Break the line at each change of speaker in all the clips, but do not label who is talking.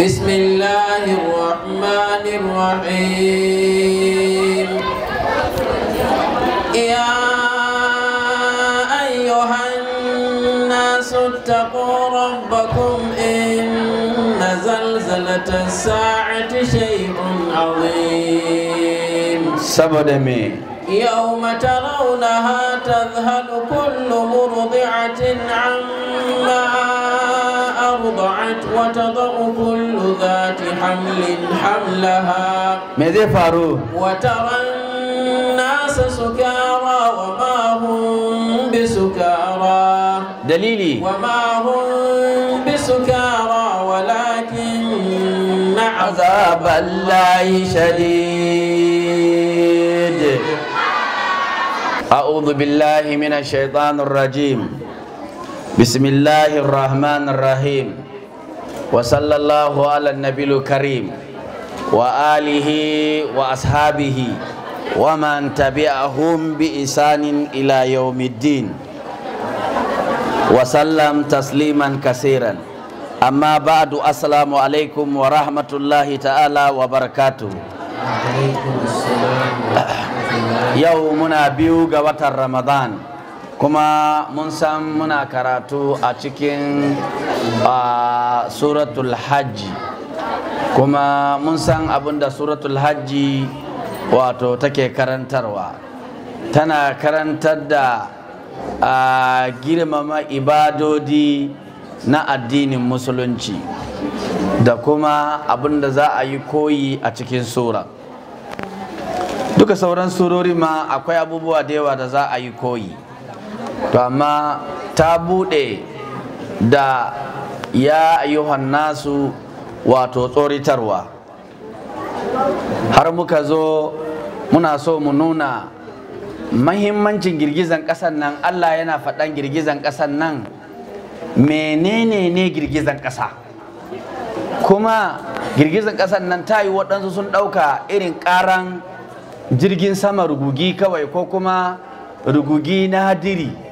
بسم الله الرحمن الرحيم يا أيها الناس اتقوا ربكم إن زلزلة الساعة شيء
عظيم سبدمي
يوم ترونها تذهل كل مرضعة عما وأرضعت وتضع كل ذات حمل حملها
ماذا فارو
وترى الناس سكارى وما هم بسكارى دليلي وما هم بسكارى ولكن عذاب الله
شديد أعوذ بالله من الشيطان الرجيم بسم الله الرحمن الرحيم وصلى الله على النبي الكريم وآله وأصحابه ومن تبعهم بإحسان إلى يوم الدين وسلم تسليما كثيرا أما بعد السلام عليكم ورحمة الله تعالى وبركاته
السلام
يومنا بيوغا وتر رمضان kuma mun san muna karatu a cikin suratul hajji kuma mun san abin da suratul hajji wato take karantarwa tana karantar da girmama ibadodi na addinin musulunci da kuma abin da za a yi koyi a cikin sura duka sauran surori ma akwai abubuwa da yawa da za a yi koyi to amma ta buɗe da ya ayyuhan nasu wato tsoritarwa har muka zo muna so mu nuna mahimmancin girgizan ƙasan nan Allah yana faɗan girgizan ƙasan nan menene ne girgizan ƙasa kuma girgizan ƙasan nan ta yi waɗansu sun ɗauka irin ƙaran jirgin sama rugugi kawai ko kuma rugugi na hadiri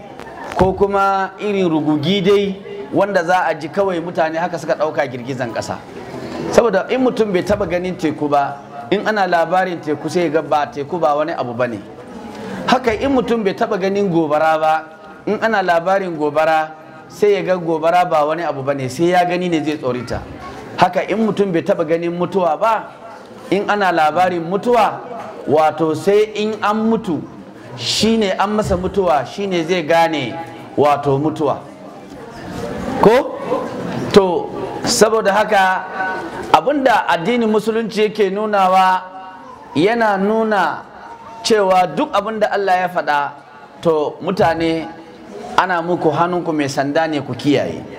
ko kuma irin rugugi dai wanda za a ji kawai mutane haka suka ɗauka girgizan ƙasa saboda in mutum bai taba ganin teku ba in ana labarin teku sai ga ba teku ba wani abu bane. haka in mutum bai taba ganin gobara ba in ana labarin gobara sai ya ga gobara ba wani abu bane sai ya gani ne zai tsorita haka in mutum bai taba ganin mutuwa ba in ana labarin mutuwa wato sai in an mutu shine an masa mutuwa shine zai gane wato mutuwa ko to saboda haka abinda addinin musulunci yake nunawa yana nuna cewa duk abinda Allah ya faɗa to mutane ana muku hannunku mai sanda ne ku kiyaye